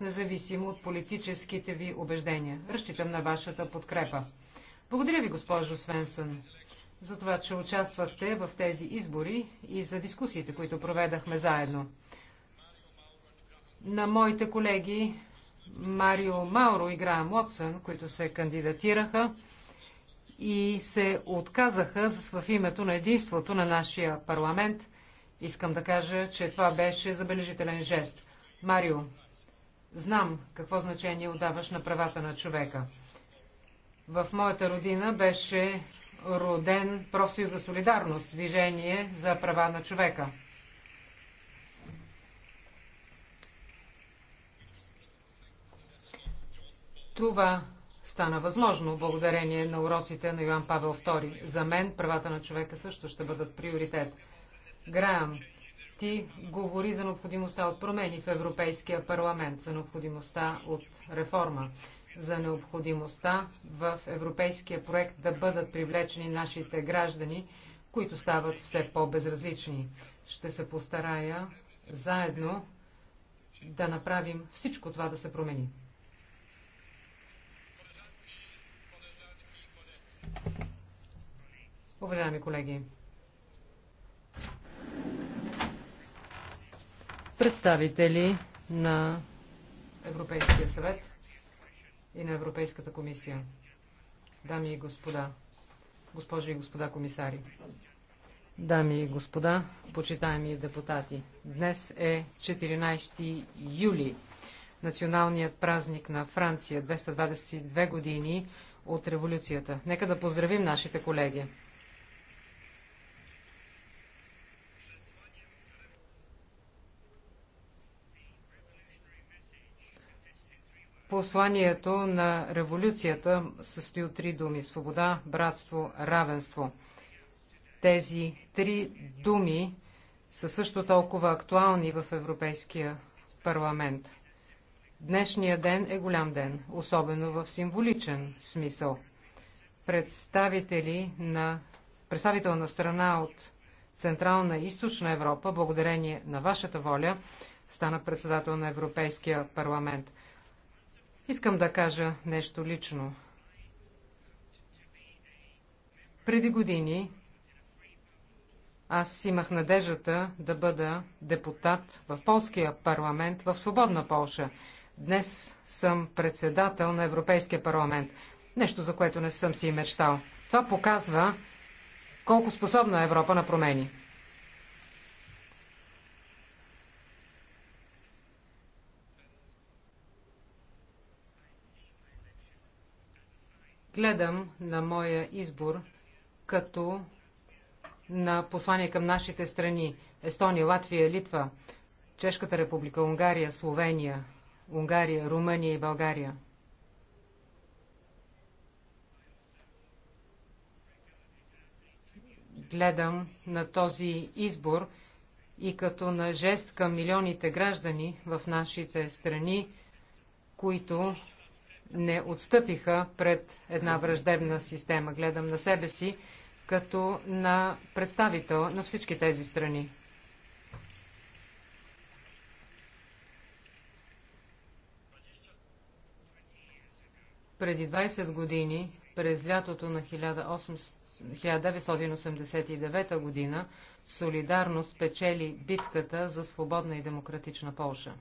независимо от политическите ви убеждения. Разчитам на вашата подкрепа. Благодаря ви, госпожо Свенсън, за това, че участвахте в тези избори и за дискусиите, които проведахме заедно. На моите колеги Марио Мауро и Граем Уотсън, които се кандидатираха и се отказаха в името на единството на нашия парламент. Искам да кажа, че това беше забележителен жест. Марио, Знам какво значение отдаваш на правата на човека. В моята родина беше роден профсъюз за солидарност, движение за права на човека. Това стана възможно благодарение на уроците на Йоан Павел II. За мен правата на човека също ще бъдат приоритет. Граем, ти говори за необходимостта от промени в Европейския парламент, за необходимостта от реформа, за необходимостта в европейския проект да бъдат привлечени нашите граждани, които стават все по-безразлични. Ще се постарая заедно да направим всичко това да се промени. Уважаеми колеги, представители на Европейския съвет и на Европейската комисия, дами и господа, госпожи и господа комисари, дами и господа, почитаеми депутати. Днес е 14 юли, националният празник на Франция, 222 години от революцията. Нека да поздравим нашите колеги. Посланието на революцията състои от три думи – свобода, братство, равенство. Тези три думи са също толкова актуални в Европейския парламент. Днешният ден е голям ден, особено в символичен смисъл. Представители на, представител на страна от Централна и Източна Европа, благодарение на вашата воля, стана председател на Европейския парламент – Искам да кажа нещо лично. Преди години аз имах надеждата да бъда депутат в полския парламент в свободна Полша. Днес съм председател на Европейския парламент. Нещо, за което не съм си и мечтал. Това показва колко способна е Европа на промени. гледам на моя избор като на послание към нашите страни Естония, Латвия, Литва, Чешката република, Унгария, Словения, Унгария, Румъния и България. Гледам на този избор и като на жест към милионите граждани в нашите страни, които не отстъпиха пред една враждебна система. Гледам на себе си като на представител на всички тези страни. Преди 20 години, през лятото на 1989 година Солидарност печели битката за свободна и демократична Полша.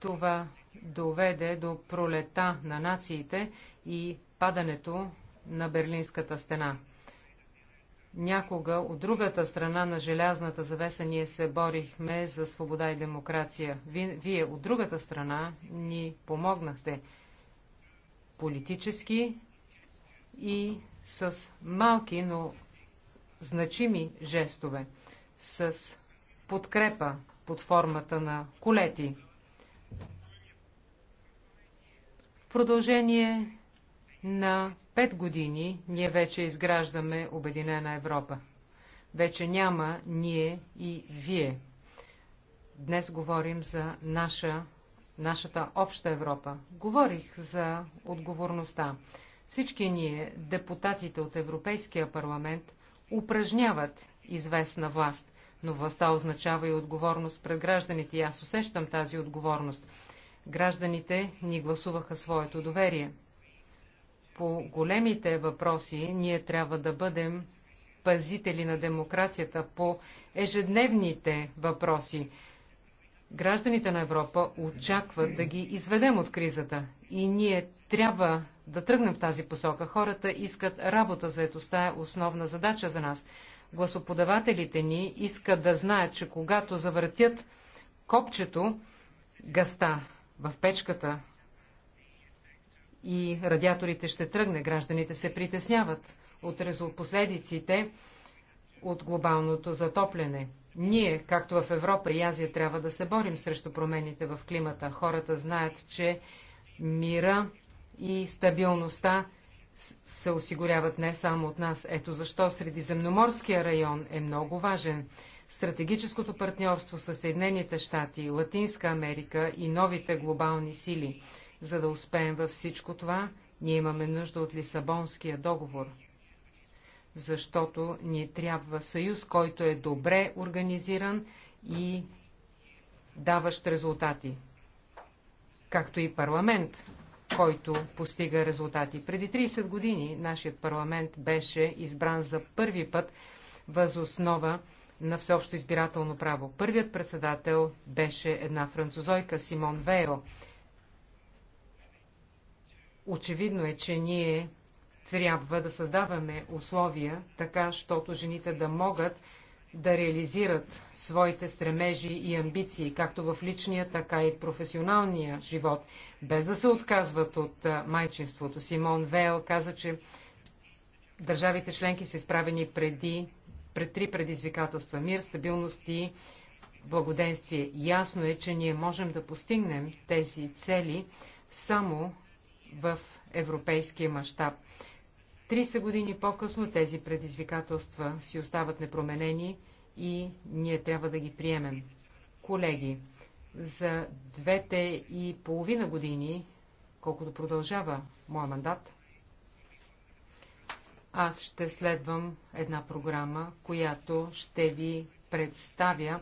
Това доведе до пролета на нациите и падането на Берлинската стена. Някога от другата страна на желязната завеса ние се борихме за свобода и демокрация. Вие от другата страна ни помогнахте политически и с малки, но значими жестове, с подкрепа под формата на колети, в продължение на пет години ние вече изграждаме Обединена Европа. Вече няма ние и вие. Днес говорим за наша, нашата обща Европа. Говорих за отговорността. Всички ние, депутатите от Европейския парламент, упражняват известна власт, но властта означава и отговорност пред гражданите и аз усещам тази отговорност. Гражданите ни гласуваха своето доверие. По големите въпроси ние трябва да бъдем пазители на демокрацията по ежедневните въпроси. Гражданите на Европа очакват да ги изведем от кризата и ние трябва да тръгнем в тази посока. Хората искат работа, заетостта е основна задача за нас. Гласоподавателите ни искат да знаят, че когато завъртят копчето, гъста в печката и радиаторите ще тръгне. Гражданите се притесняват от последиците от глобалното затопляне. Ние, както в Европа и Азия, трябва да се борим срещу промените в климата. Хората знаят, че мира и стабилността се осигуряват не само от нас. Ето защо Средиземноморския район е много важен стратегическото партньорство с Съединените щати, Латинска Америка и новите глобални сили. За да успеем във всичко това, ние имаме нужда от Лисабонския договор, защото ни трябва съюз, който е добре организиран и даващ резултати, както и парламент, който постига резултати. Преди 30 години нашият парламент беше избран за първи път възоснова основа на всеобщо избирателно право. Първият председател беше една французойка, Симон Вейл. Очевидно е, че ние трябва да създаваме условия, така, щото жените да могат да реализират своите стремежи и амбиции, както в личния, така и професионалния живот, без да се отказват от майчинството. Симон Вейл каза, че държавите членки са изправени преди пред три предизвикателства – мир, стабилност и благоденствие. Ясно е, че ние можем да постигнем тези цели само в европейския мащаб. 30 години по-късно тези предизвикателства си остават непроменени и ние трябва да ги приемем. Колеги, за двете и половина години, колкото продължава моя мандат, аз ще следвам една програма, която ще ви представя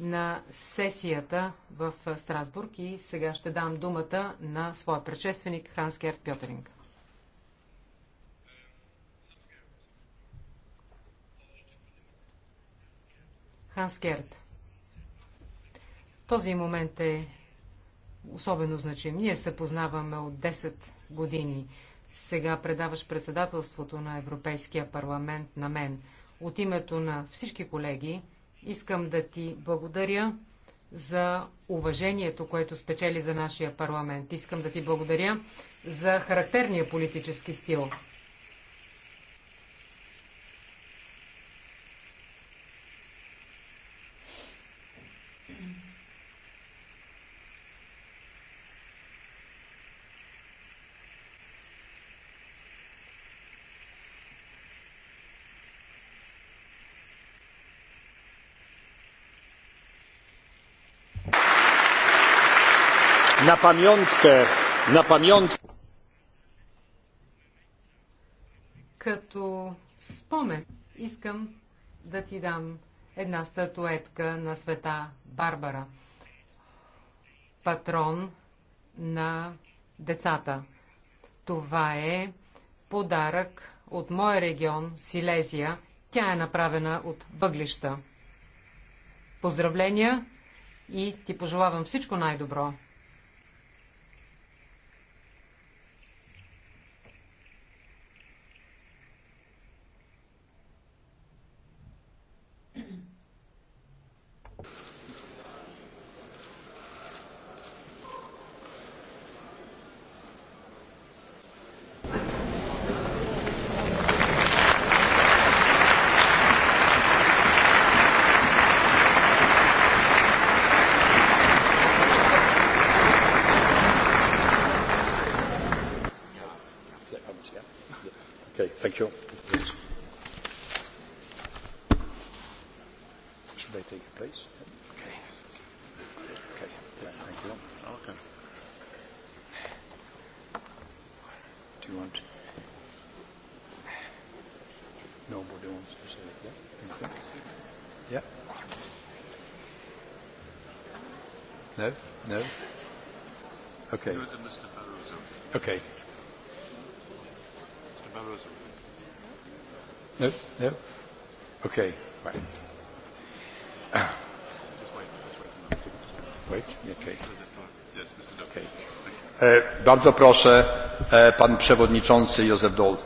на сесията в Страсбург и сега ще дам думата на своя предшественик Ханс Герт Пьотеринг. Ханс Герт. Този момент е особено значим. Ние се познаваме от 10 години. Сега предаваш председателството на Европейския парламент на мен. От името на всички колеги искам да ти благодаря за уважението, което спечели за нашия парламент. Искам да ти благодаря за характерния политически стил. na pamiątkę, na pamiątkę. Като спомен искам да ти дам една статуетка на света Барбара, патрон на децата. Това е подарък от моя регион, Силезия. Тя е направена от въглища. Поздравления и ти пожелавам всичко най-добро. Okay. Okay. Mr. Barroso. No, no. Okay, right. Uh. wait, okay. Okay. Bardzo proszę, pan przewodniczący Józef Dol.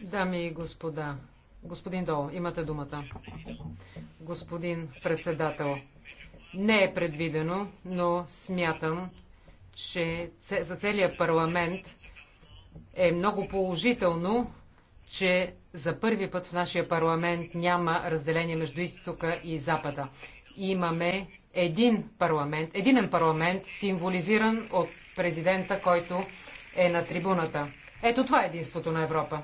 Dami i gospoda, gospodin Dol, imate dumata. Gospodin председател, не е предвидено, но смятам, че за целия парламент е много положително, че за първи път в нашия парламент няма разделение между изтока и запада. Имаме един парламент, единен парламент, символизиран от президента, който е на трибуната. Ето това е единството на Европа.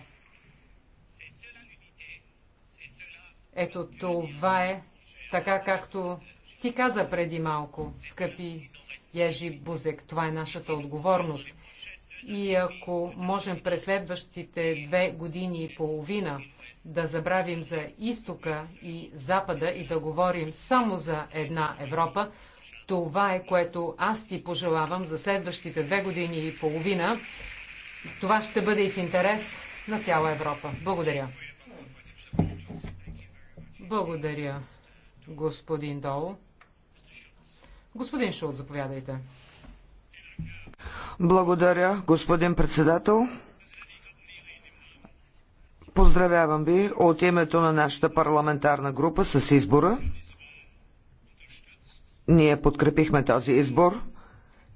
Ето това е така, както ти каза преди малко, скъпи Яжи Бузек. Това е нашата отговорност. И ако можем през следващите две години и половина да забравим за изтока и запада и да говорим само за една Европа, това е което аз ти пожелавам за следващите две години и половина. Това ще бъде и в интерес на цяла Европа. Благодаря. Благодаря, господин Долу. Господин Шул, заповядайте. Благодаря, господин председател. Поздравявам ви от името на нашата парламентарна група с избора. Ние подкрепихме този избор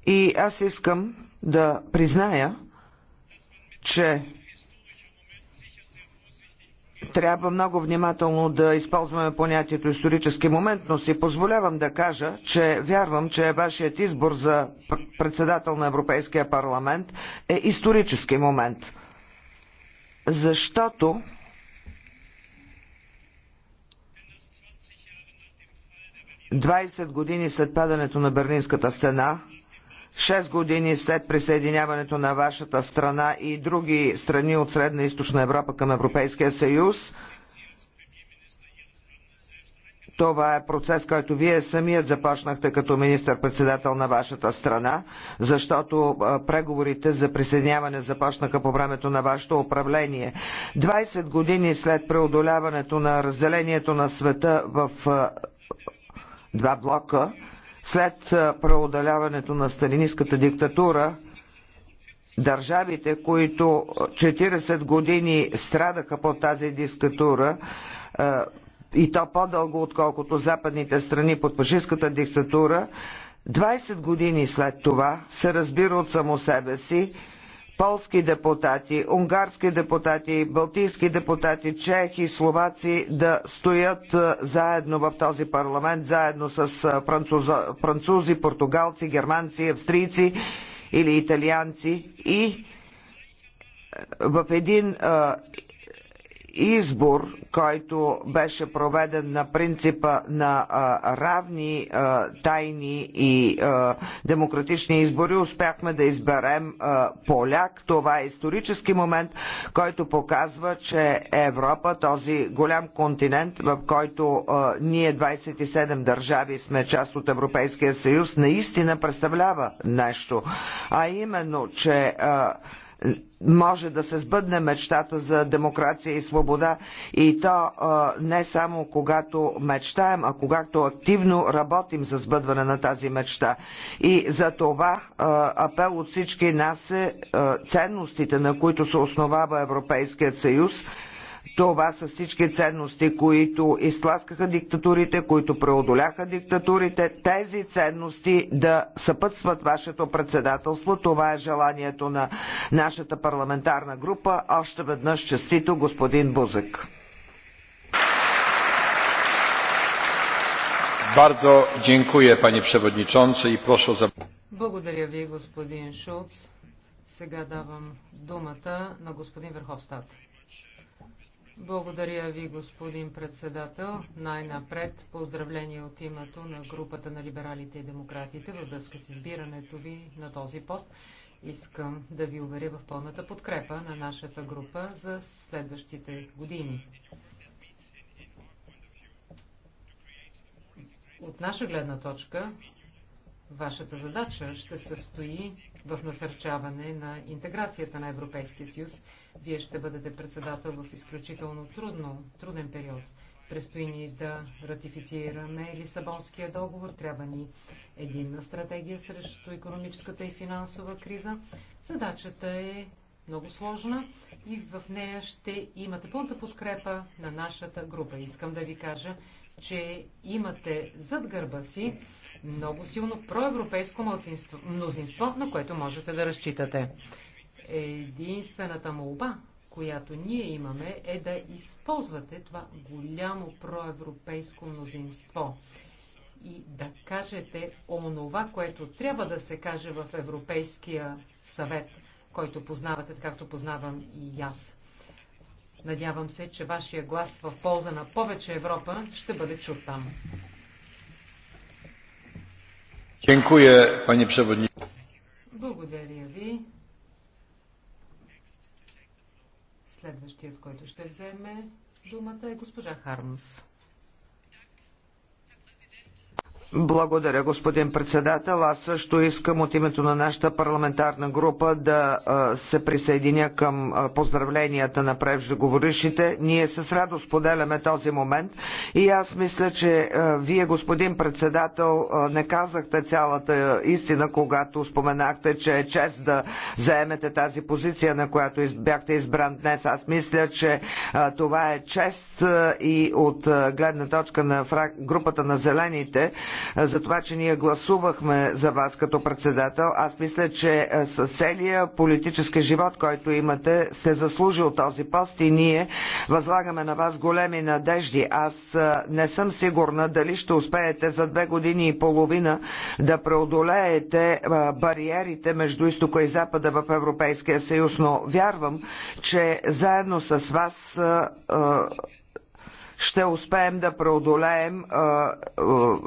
и аз искам да призная, че трябва много внимателно да използваме понятието исторически момент, но си позволявам да кажа, че вярвам, че вашият избор за председател на Европейския парламент е исторически момент. Защото Двадесет години след падането на Берлинската стена, 6 години след присъединяването на вашата страна и други страни от Средна и Източна Европа към Европейския съюз. Това е процес, който вие самият започнахте като министър-председател на вашата страна, защото преговорите за присъединяване започнаха по времето на вашето управление. 20 години след преодоляването на разделението на света в два блока, след преодоляването на сталинистката диктатура, държавите, които 40 години страдаха под тази диктатура, и то по-дълго, отколкото западните страни под фашистската диктатура, 20 години след това се разбира от само себе си, полски депутати, унгарски депутати, балтийски депутати, чехи, словаци да стоят заедно в този парламент, заедно с французи, португалци, германци, австрийци или италианци и в един а, избор, който беше проведен на принципа на а, равни, а, тайни и а, демократични избори, успяхме да изберем поляк. Това е исторически момент, който показва, че Европа, този голям континент, в който ние 27 държави сме част от Европейския съюз, наистина представлява нещо. А именно, че може да се сбъдне мечтата за демокрация и свобода и то не само когато мечтаем, а когато активно работим за сбъдване на тази мечта. И за това апел от всички нас е ценностите, на които се основава Европейският съюз, това са всички ценности, които изтласкаха диктатурите, които преодоляха диктатурите. Тези ценности да съпътстват вашето председателство. Това е желанието на нашата парламентарна група. Още веднъж честито, господин Бузък. Bardzo dziękuję, panie przewodniczący, i proszę o Благодаря ви, господин Шулц. Сега давам думата на господин Верховстат. Благодаря ви, господин председател. Най-напред поздравление от името на групата на либералите и демократите във връзка с избирането ви на този пост. Искам да ви уверя в пълната подкрепа на нашата група за следващите години. От наша гледна точка, вашата задача ще състои в насърчаване на интеграцията на Европейския съюз. Вие ще бъдете председател в изключително трудно, труден период. Престои ни да ратифицираме Лисабонския договор. Трябва ни единна стратегия срещу економическата и финансова криза. Задачата е много сложна и в нея ще имате пълната подкрепа на нашата група. Искам да ви кажа, че имате зад гърба си много силно проевропейско мнозинство, на което можете да разчитате. Единствената молба, която ние имаме, е да използвате това голямо проевропейско мнозинство и да кажете онова, което трябва да се каже в Европейския съвет, който познавате, както познавам и аз. Надявам се, че вашия глас в полза на повече Европа ще бъде чут там. Благодаря ви. Следващият, който ще вземе думата е госпожа Хармс. Благодаря, господин председател. Аз също искам от името на нашата парламентарна група да се присъединя към поздравленията на преждеговорившите. Ние с радост поделяме този момент и аз мисля, че вие, господин председател, не казахте цялата истина, когато споменахте, че е чест да заемете тази позиция, на която бяхте избран днес. Аз мисля, че това е чест и от гледна точка на групата на зелените, за това, че ние гласувахме за вас като председател. Аз мисля, че е, с целия политически живот, който имате, сте заслужил този пост и ние възлагаме на вас големи надежди. Аз е, не съм сигурна дали ще успеете за две години и половина да преодолеете е, бариерите между изтока и запада в Европейския съюз, но вярвам, че заедно с вас ще успеем да преодолеем а, а,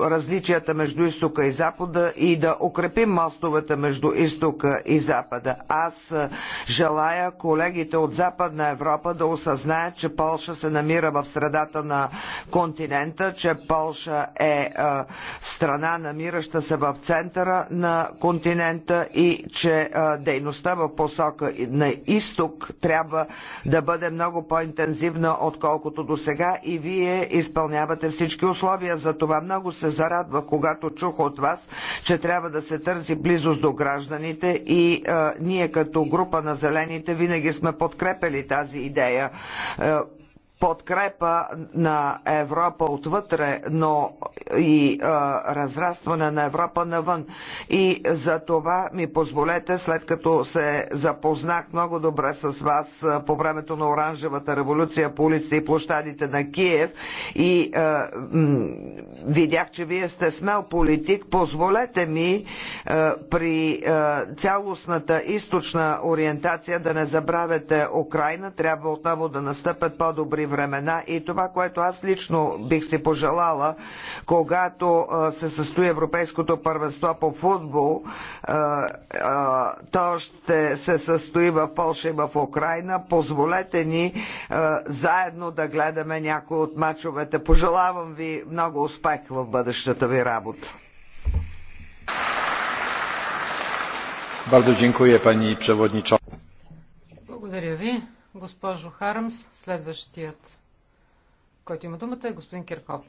различията между изтока и запада и да укрепим мостовете между изтока и запада. Аз а, желая колегите от Западна Европа да осъзнаят, че Полша се намира в средата на континента, че Полша е а, страна, намираща се в центъра на континента и че а, дейността в посока на изток трябва да бъде много по-интензивна, отколкото до сега и вие изпълнявате всички условия. За това много се зарадвах, когато чух от вас, че трябва да се търси близост до гражданите и а, ние като група на зелените винаги сме подкрепили тази идея. А, подкрепа на Европа отвътре, но и а, разрастване на Европа навън. И за това ми позволете, след като се запознах много добре с вас а, по времето на Оранжевата революция по улиците и площадите на Киев и а, м, видях, че вие сте смел политик, позволете ми а, при а, цялостната източна ориентация да не забравяте Украина, трябва отново да настъпят по-добри времена и това, което аз лично бих си пожелала, когато се състои Европейското първенство по футбол, то ще се състои в Польша и в Украина. Позволете ни заедно да гледаме някои от мачовете. Пожелавам ви много успех в бъдещата ви работа. Bardzo dziękuję pani przewodnicząca. Благодаря ви. Госпожо Хармс, следващият, който има думата е господин Киркоп.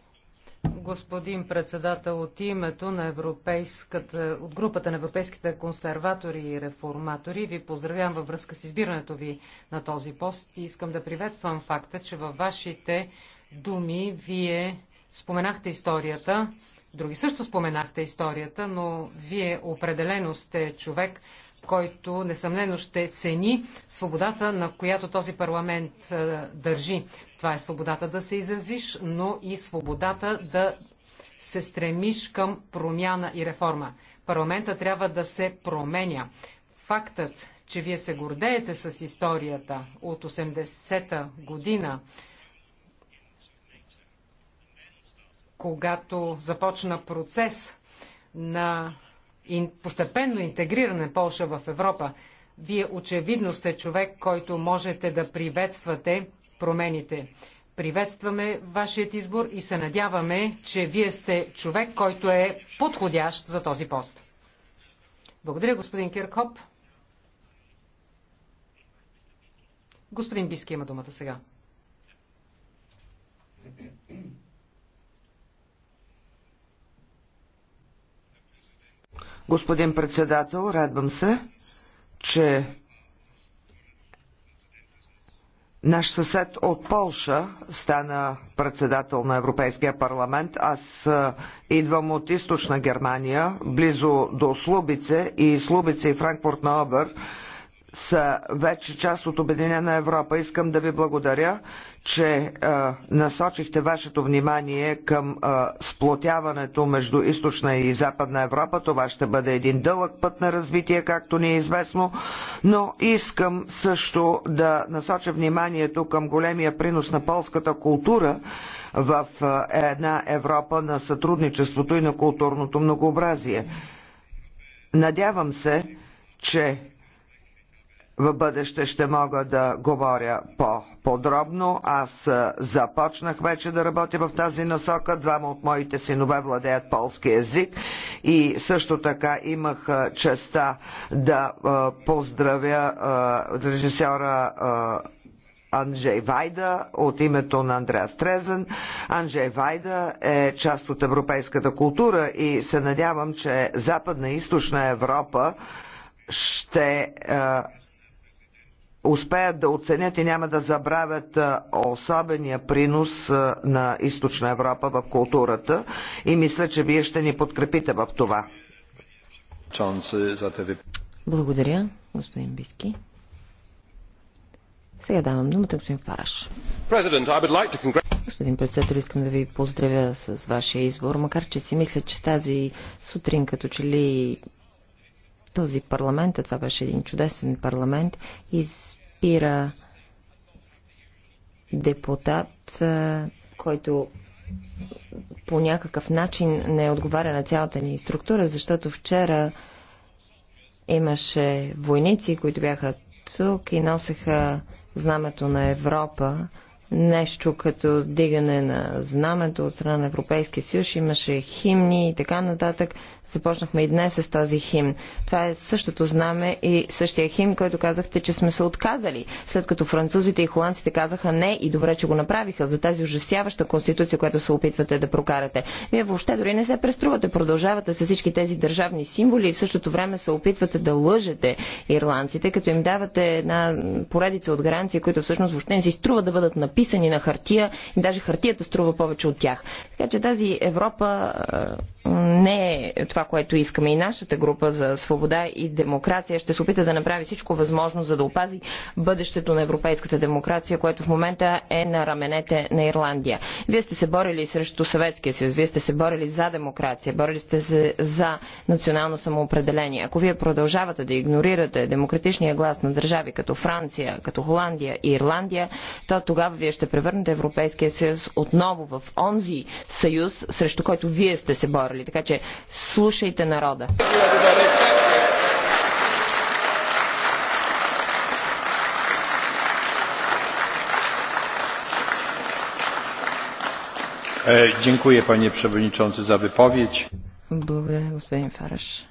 Господин председател, от името на европейската, от групата на европейските консерватори и реформатори ви поздравявам във връзка с избирането ви на този пост и искам да приветствам факта, че във вашите думи вие споменахте историята, други също споменахте историята, но вие определено сте човек, който несъмнено ще цени свободата, на която този парламент държи. Това е свободата да се изразиш, но и свободата да се стремиш към промяна и реформа. Парламента трябва да се променя. Фактът, че вие се гордеете с историята от 80-та година, когато започна процес на постепенно интегриране на Полша в Европа. Вие очевидно сте човек, който можете да приветствате промените. Приветстваме вашият избор и се надяваме, че вие сте човек, който е подходящ за този пост. Благодаря, господин Киркоп. Господин Биски има думата сега. Господин председател, радвам се, че Наш съсед от Полша стана председател на Европейския парламент. Аз идвам от източна Германия, близо до Слубице и Слубице и Франкфурт на Обър са вече част от Обединена Европа. Искам да ви благодаря, че а, е, насочихте вашето внимание към а, е, сплотяването между източна и западна Европа. Това ще бъде един дълъг път на развитие, както ни е известно, но искам също да насоча вниманието към големия принос на полската култура в а, е, една Европа на сътрудничеството и на културното многообразие. Надявам се, че в бъдеще ще мога да говоря по-подробно. Аз започнах вече да работя в тази насока. Двама от моите синове владеят полски язик и също така имах честа да поздравя режисьора Анджей Вайда от името на Андреас Трезен. Анджей Вайда е част от европейската култура и се надявам, че Западна и Източна Европа ще успеят да оценят и няма да забравят особения принос на Източна Европа в културата и мисля, че вие ще ни подкрепите в това. Благодаря, господин Биски. Сега давам думата господин Фараш. Господин председател, искам да ви поздравя с вашия избор, макар че си мисля, че тази сутрин като че ли този парламент, а това беше един чудесен парламент, избира депутат, който по някакъв начин не отговаря на цялата ни структура, защото вчера имаше войници, които бяха тук и носеха знамето на Европа нещо като дигане на знамето от страна на Европейския съюз. Имаше химни и така нататък. Започнахме и днес с този химн. Това е същото знаме и същия химн, който казахте, че сме се отказали, след като французите и холандците казаха не и добре, че го направиха за тази ужасяваща конституция, която се опитвате да прокарате. Вие въобще дори не се преструвате, продължавате с всички тези държавни символи и в същото време се опитвате да лъжете ирландците, като им давате една поредица от гаранции, които всъщност въобще не си струва да бъдат написани написани на хартия и даже хартията струва повече от тях. Така че тази Европа не е това, което искаме и нашата група за свобода и демокрация. Ще се опита да направи всичко възможно, за да опази бъдещето на европейската демокрация, което в момента е на раменете на Ирландия. Вие сте се борили срещу Съветския съюз, вие сте се борили за демокрация, борили сте се за национално самоопределение. Ако вие продължавате да игнорирате демократичния глас на държави като Франция, като Холандия и Ирландия, то тогава вие ще превърнете Европейския съюз отново в онзи съюз, срещу който вие сте се борили роли. Така че слушайте народа. E, dziękuję panie przewodniczący za wypowiedź. Dziękuję господин Фараш.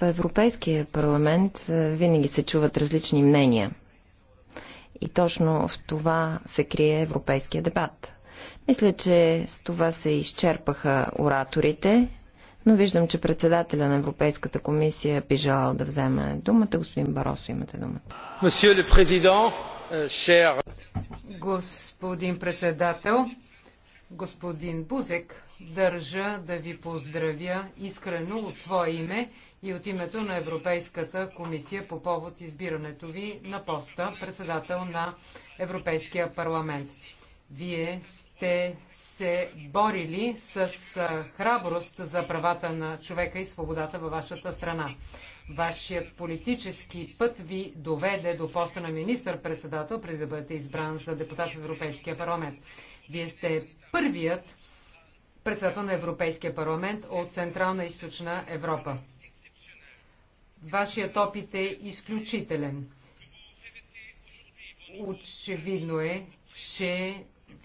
В Европейския парламент е, винаги се чуват различни мнения – и точно в това се крие европейския дебат. Мисля, че с това се изчерпаха ораторите, но виждам, че председателя на Европейската комисия би желал да вземе думата. Господин Баросо, имате думата. Euh, господин председател, господин Бузек, Държа да ви поздравя искрено от свое име и от името на Европейската комисия по повод избирането ви на поста председател на Европейския парламент. Вие сте се борили с храброст за правата на човека и свободата във вашата страна. Вашият политически път ви доведе до поста на министър-председател, преди да бъдете избран за депутат в Европейския парламент. Вие сте първият председател на Европейския парламент от Централна и Източна Европа. Вашият опит е изключителен. Очевидно е, че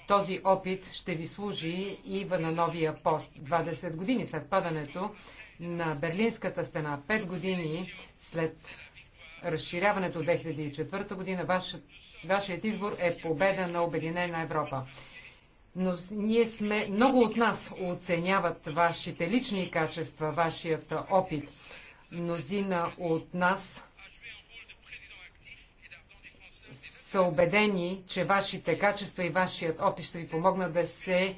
този опит ще ви служи и на новия пост. 20 години след падането на Берлинската стена, 5 години след разширяването 2004 година, вашият избор е победа на Обединена Европа но ние сме, много от нас оценяват вашите лични качества, вашият опит. Мнозина от нас са убедени, че вашите качества и вашият опит ще ви помогнат да се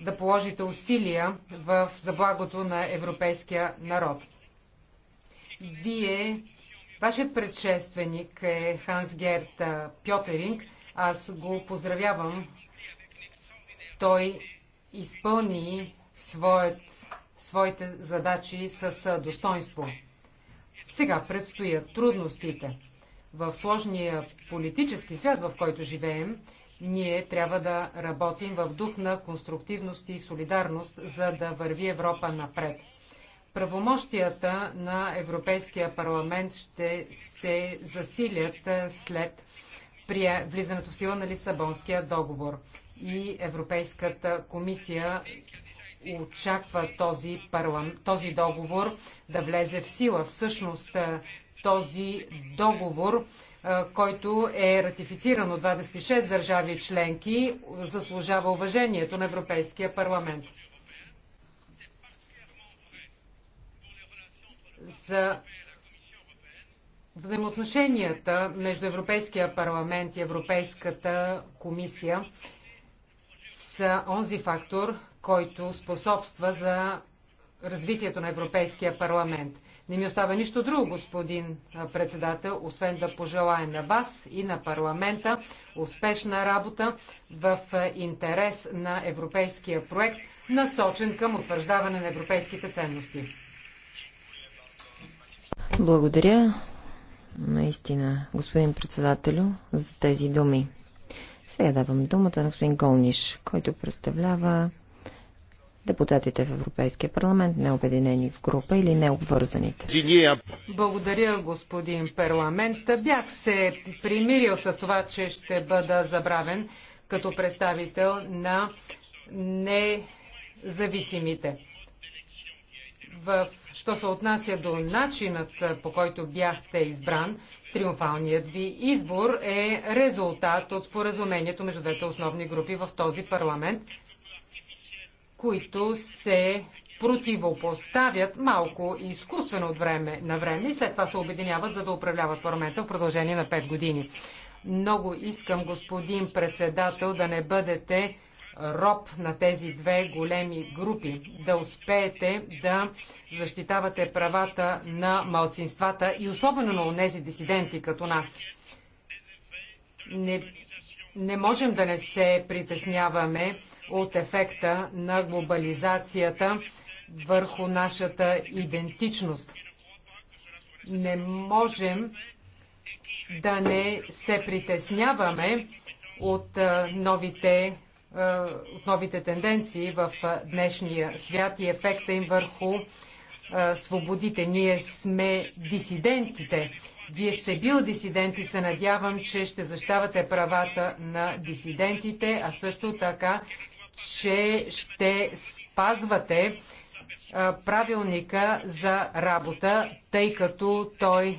да положите усилия в заблагото на европейския народ. Вие, вашият предшественик е Ханс Герт Пьотеринг. Аз го поздравявам той изпълни своят, своите задачи с достоинство. Сега предстоят трудностите. В сложния политически свят, в който живеем, ние трябва да работим в дух на конструктивност и солидарност, за да върви Европа напред. Правомощията на Европейския парламент ще се засилят след влизането в сила на Лисабонския договор и Европейската комисия очаква този, парлам, този договор да влезе в сила. Всъщност този договор, който е ратифициран от 26 държави членки, заслужава уважението на Европейския парламент. За взаимоотношенията между Европейския парламент и Европейската комисия са онзи фактор, който способства за развитието на Европейския парламент. Не ми остава нищо друго, господин председател, освен да пожелаем на вас и на парламента успешна работа в интерес на европейския проект, насочен към утвърждаване на европейските ценности. Благодаря наистина, господин председателю, за тези думи. Сега давам думата на господин Голниш, който представлява депутатите в Европейския парламент, необединени в група или необвързаните. Благодаря, господин парламент. Бях се примирил с това, че ще бъда забравен като представител на независимите. В, що се отнася до начинът, по който бяхте избран, Триумфалният ви избор е резултат от споразумението между двете основни групи в този парламент, които се противопоставят малко изкуствено от време на време и след това се обединяват, за да управляват парламента в продължение на 5 години. Много искам, господин председател, да не бъдете роб на тези две големи групи, да успеете да защитавате правата на малцинствата и особено на онези дисиденти като нас. Не, не можем да не се притесняваме от ефекта на глобализацията върху нашата идентичност. Не можем да не се притесняваме от новите е, от новите тенденции в е, днешния свят и ефекта им върху е, свободите. Ние сме дисидентите. Вие сте бил дисидент и се надявам, че ще защавате правата на дисидентите, а също така, че ще спазвате правилника за работа, тъй като той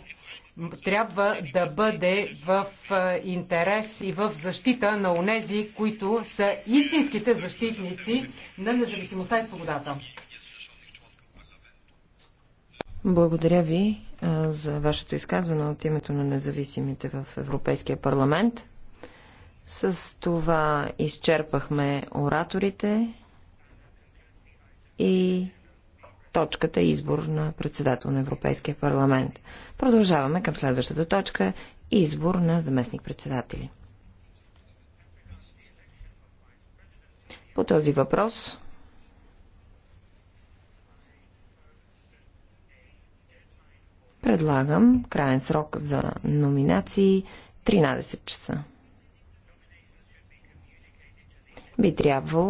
трябва да бъде в интерес и в защита на онези, които са истинските защитници на независимостта и свободата. Благодаря ви за вашето изказване от името на независимите в Европейския парламент. С това изчерпахме ораторите и точката избор на председател на Европейския парламент. Продължаваме към следващата точка избор на заместник-председатели. По този въпрос предлагам краен срок за номинации 13 часа. Би трябвало